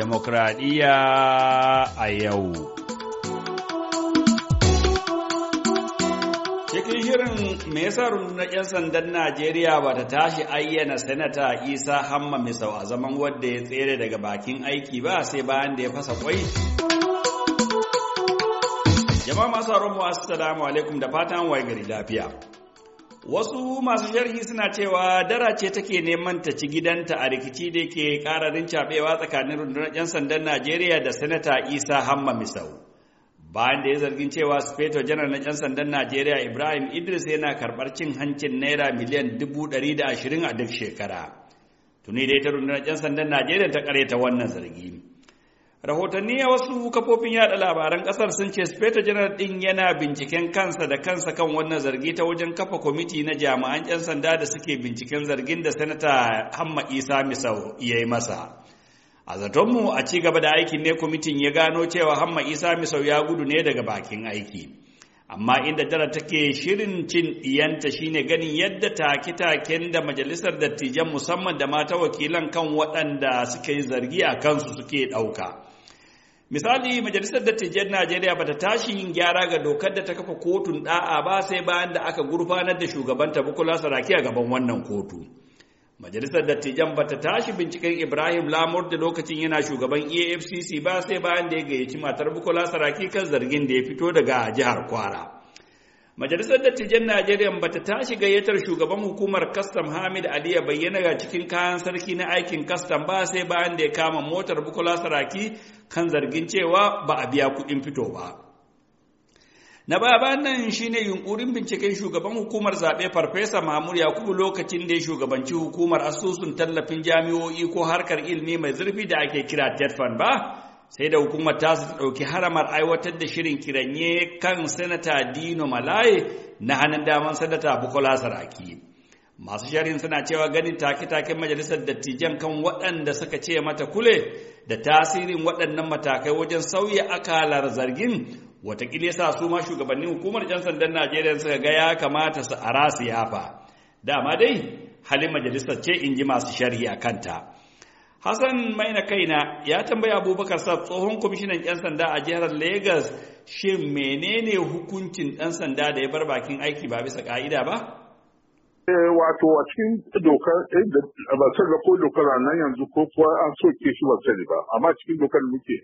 Demokradiyya a yau. Cikin shirin me yasa rundunar 'yan sandan Najeriya ba ta tashi ayyana Sanata Isa Hamma Misau a zaman wadda ya tsere daga bakin aiki ba sai bayan da ya fasa kwai. Jama'a masu mu assalamu alaikum da fatan wai gari lafiya. wasu masu sharhi suna cewa dara ce take neman ta ci gidanta a rikici da ke kararin cabewa tsakanin rundunar 'yan sandan najeriya da sanata isa hamma misau bayan da ya zargin cewa speto janar na 'yan sandan najeriya ibrahim idris yana karɓar cin hancin naira miliyan dubu da ashirin a duk shekara tuni dai ta rundunar 'yan sandan najeriya ta kare ta wannan zargi rahotanni a wasu kafofin yada labaran kasar sun ce speta janar din yana binciken kansa da kansa kan wannan zargi ta wajen kafa kwamiti na jami'an 'yan sanda da suke binciken zargin da sanata hamma isa misau ya yi masa a zatonmu a ci gaba da aikin ne kwamitin ya gano cewa hamma isa misau ya gudu ne daga bakin aiki amma inda dara take shirin cin iyanta shine ganin yadda take-taken da majalisar dattijan musamman da mata wakilan kan waɗanda suke zargi a kansu suke ɗauka. misali majalisar Dattijan najeriya bata tashi yin gyara ga dokar da ta kafa kotun da'a ba sai bayan da aka gurfanar da shugabanta bukula saraki a gaban wannan kotu majalisar dattijan bata tashi binciken ibrahim lamur da lokacin yana shugaban efcc ba sai bayan da ya gayyaci matar bukula saraki kan zargin da ya fito daga jihar kwara Majalisar Dattijan Najeriya bata tashi gayyatar shugaban hukumar kastam Hamid Ali ya bayyana ga cikin kayan sarki na aikin kastam ba sai bayan da ya kama motar Bukola Saraki kan zargin cewa ba a biya kuɗin fito ba. Na baba nan shine yunkurin binciken shugaban hukumar zaɓe Farfesa Mahmud Yakubu lokacin da ya shugabanci hukumar asusun tallafin jami'o'i ko harkar ilimi mai zurfi da ake kira TETFAN ba, sai da hukumar tasu ta ɗauki haramar aiwatar da shirin kiranye kan sanata dino malaye na hannun damar sanata bukola saraki masu sharhin suna cewa ganin take-taken majalisar dattijan kan waɗanda suka ce mata kule da tasirin waɗannan matakai wajen sauya akalar zargin watakila yasa su ma shugabannin hukumar jan sandan najeriya suka ga ya kamata su ara siyafa dama dai halin majalisar ce in ji masu sharhi a kanta Hassan maina kaina ya tambaya Abubakar sa tsohon kwamishinan 'yan sanda a jihar Legas shin menene hukuncin ɗan sanda da ya bar bakin aiki ba bisa ka'ida ba? Eh, wato a cikin dokar eh, da ba su ko dokar nan yanzu ko kuwa an soke shi ba sani ba amma cikin dokar muke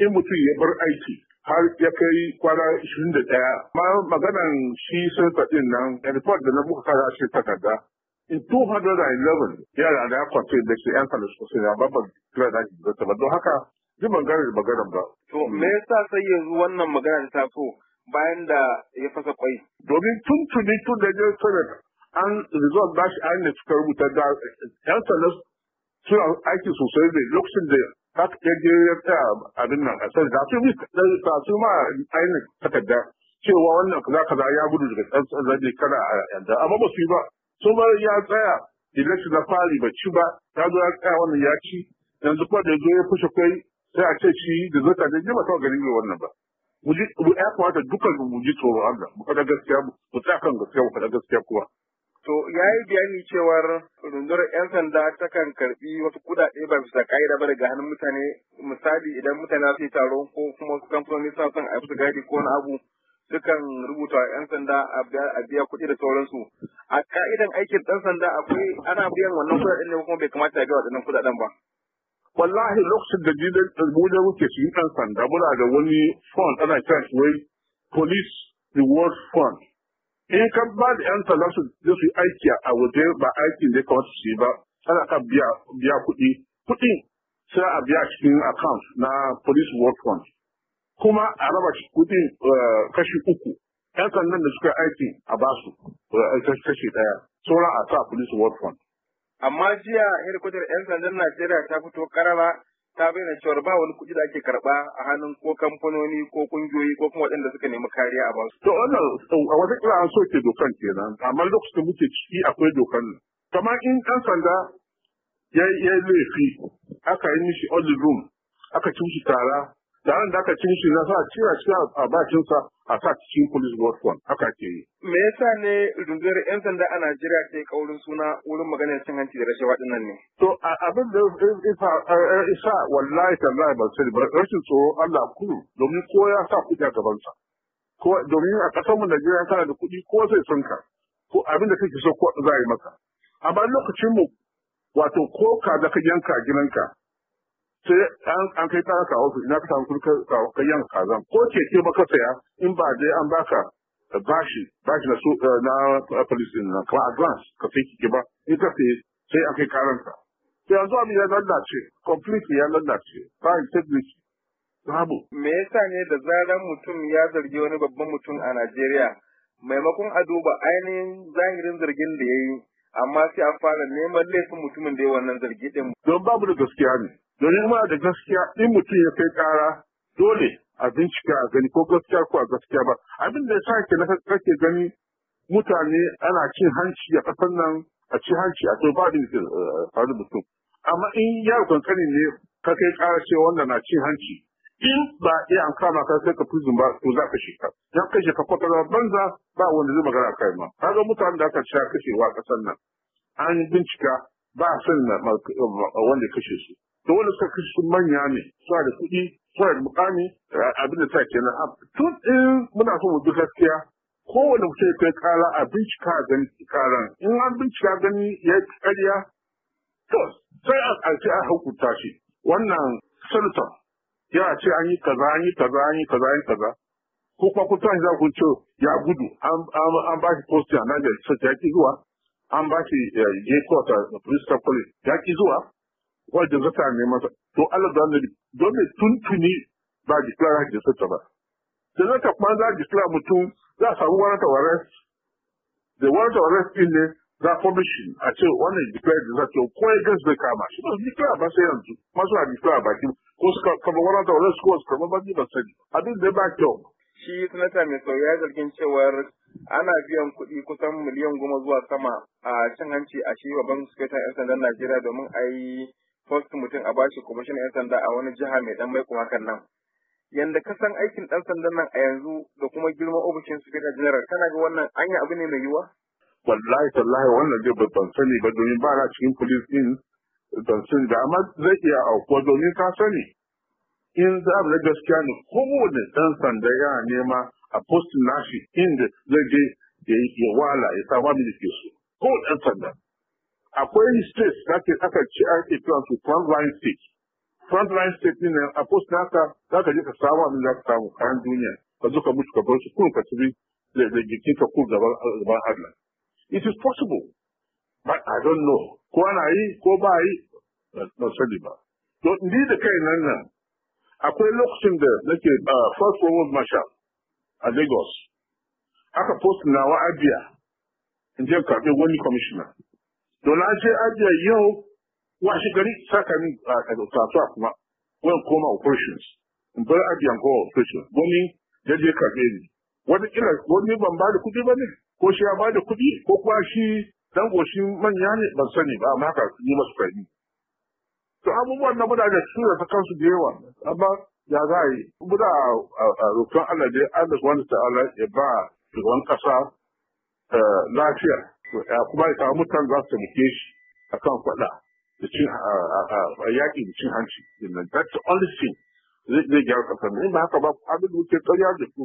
in mutum ya bar aiki har ya kai kwana 21 ma maganan shi sun faɗin nan da na muka kara shi takarda in 211 yara da ya kwace da ke yan falastin ya babban kira da ake zata ba don haka ji bangaren maganar ba. To me yasa sai yanzu wannan magana ta taso bayan da ya fasa kwai? Domin tun tuni tun da ya sanar an rizon ba shi an cikar suka rubuta da yan sanda suna aiki sosai da lokacin da ta je ya tsaya abin nan a sai da su bi da su ma ainihin takarda cewa wannan kaza kaza ya gudu daga tsantsar zabe kana a yanzu amma ba su yi ba. sumar ya tsaya idan shiga fari ba ci ba ya zo ya tsaya wannan ya ci yanzu kuma da zo ya fashe kai sai a ce shi da zo da ba ta gani wannan ba mu ji mu ya kamata dukkan mu ji tsoro Allah mu kada gaskiya mu tsaya kan gaskiya mu kada gaskiya kuwa To ya yi bayani cewar rundunar 'yan sanda ta kan karbi wasu kudade ba bisa ka'ida ba daga hannun mutane misali idan mutane su yi taro ko kuma wasu kamfanoni suna san a yi gadi ko wani abu sukan rubuta yan sanda a biya kuɗi da sauransu a ka'idan aikin ɗan sanda akwai ana biyan wannan kuɗaɗen ne kuma bai kamata ya ga waɗannan kuɗaɗen ba wallahi lokacin da wajen muke shi ɗan sanda muna da wani fund ana kira shi wai police reward fund in ka ba da yan sanda su je su yi aiki a waje ba aikin da ya kamata su yi ba ana ka biya kuɗi kuɗin sai a biya cikin account na police reward fund kuma a raba kuɗin eh, kashi uku yan sandan da suka aiki a basu eh, kashi ɗaya sauran a sa police work fund. Amma jiya hedikwatar 'yan sandan Najeriya ta fito karara ta bayyana cewar ba wani kuɗi da ake karɓa a hannun ko kamfanoni ko ƙungiyoyi ko kuma waɗanda suka nemi kariya a basu. To wannan a wata kira an soke dokan kenan amma lokacin muke ciki akwai dokan nan. Kamar in ɗan sanda ya yi laifi aka yi mishi all room aka ci tara yaran da aka ci shi na sa cira shi a bakinsa a sa cikin police board form haka ke yi. Me yasa ne rundunar 'yan sanda a Najeriya ta yi kaurin suna wurin maganar cin hanci da rashawa dinnan ne? To abin da isa wallahi tallahi ban sani ba rashin tsoro Allah kudu domin ko ya sa kuɗi a gabansa. Domin a ƙasar mu Najeriya tana da kuɗi ko sai sun ka ko abin da kake so ko za a yi maka. Amma lokacin mu wato ko ka da ka yanka gidanka sai an kai ta kawo su ina ka samu kun kai yan kazan ko keke ba ka saya in ba dai an baka bashi bashi na eh, na police na kuma advance ka sai kike ba in ka sai sai an kai karanta sai yanzu abin ya lallace completely ya lallace ba integrity babu me yasa ne da zaran mutum ya zargi wani babban mutum a Najeriya maimakon a duba ainihin zahirin zargin da ya yi amma sai a fara neman laifin mutumin da ya wannan zargi din don babu da gaskiya ne domin ma da gaskiya in mutum ya kai kara dole a bincika a gani ko gaskiya ko a gaskiya ba abin da ya sa ke na kake gani mutane ana cin hanci a ƙasar nan a ci hanci a to ba da eh, faru mutum amma in yaro kankani ne ka kai kara ce wannan na cin hanci in ba iya an kama ka sai ka fuzin ba to za ka ka ya kashe ka kwakwalwa banza ba wanda zai magana kai ma kaga mutanen da aka ci kashewa ƙasar nan an bincika ba a san wanda kashe su da wani suka kashe manya ne suna da kuɗi suna da mukami abin da sa kenan tun in muna so mu bi gaskiya kowane mutum ya kai kara a bincika a gani karan in an bincika gani ya yi ƙarya to sai a ƙarshe a hukunta shi wannan senator ya ce an yi kaza an yi kaza an yi kaza an yi kaza ko kuma kun tashi za ku ce ya gudu an ba shi posti a nan State ya ki zuwa an ba shi eh, yi court a Bristol College ya ki zuwa wajen zata ne masa to Allah da annabi don me tuntuni ba tsara da sace ba da zata kuma za tsara mutum za a samu wani tawara da wani tawara din ne za a publish a ce wannan declare da zata oh, ko ya gas kama shi ba su declare ba sai yanzu masu a ba baki ko su kama wani tawara su ko su kama ji ba sani abin da ba kyau shi sanata mai ya zargin cewar ana biyan kuɗi kusan miliyan goma zuwa sama a cin hanci a shi bankin sufetan 'yan sandan Najeriya domin a yi post mutum a bashi kwamishin 'yan sanda a wani jiha mai dan maiko hakan nan yanda ka san aikin dan sandan nan a yanzu da kuma girma ofishin sufeta general kana ga wannan anya abu ne mai yiwuwa wallahi tallahi wannan zai ban sani ba domin ba na cikin police din ban sani da amma zai iya aukuwa domin ka sani in za mu na gaskiya ne wani dan sanda ya nema a postin nashi inda zai je ya wala ya sa wani da ke so ko dan sanda akwai state da ke aka ci ake kiran su front line state front line state ne a post naka za ka je ka samu abin da ka samu kayan duniya ka zo ka mutu ka bar su kun ka ci da jikin ka kun gaban gaban it is possible but I don't know ko ana yi ko ba yi na sani ba to ni da kai nan nan akwai lokacin da nake ah, first world marshal a Lagos aka post nawa wa'adiya in je karɓi wani commissioner to na je ajiya yau washe gari saka min a tatuwa kuma wani koma operations in bar ajiyan kowa operations domin ya je karɓe ni wani kila wani ban ba da kuɗi ba ne ko shi ya ba da kuɗi ko kuma shi dan goshin manya ne ban sani ba amma haka yi masu fahimi to abubuwan na muna da tura ta kansu da yawa amma ya za a yi muna a roƙon Allah dai Allah subhanahu ta'ala ya ba shugaban kasa eh, lafiya kuma ya samu mutan za su taimake shi a kan faɗa da cin yaƙi da cin hanci dinnan that's the only thing zai gyara ƙasar ne ba haka ba abin da muke tsariya da su.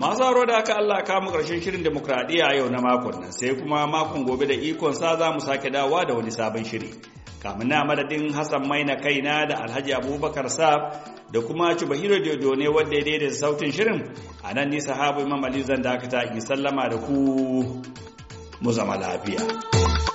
Masu haro da aka Allah kamu ƙarshen shirin demokradiyya yau na makon nan sai kuma makon gobe da ikon sa za mu sake dawowa da wani sabon shiri. kamun na madadin hassan mai maina kaina da alhaji abubakar sab da kuma cibahiro dodo ne wanda ya daidaita sautin shirin a nan ni sahabu imam ali zan dakata in sallama da ku mu zama lafiya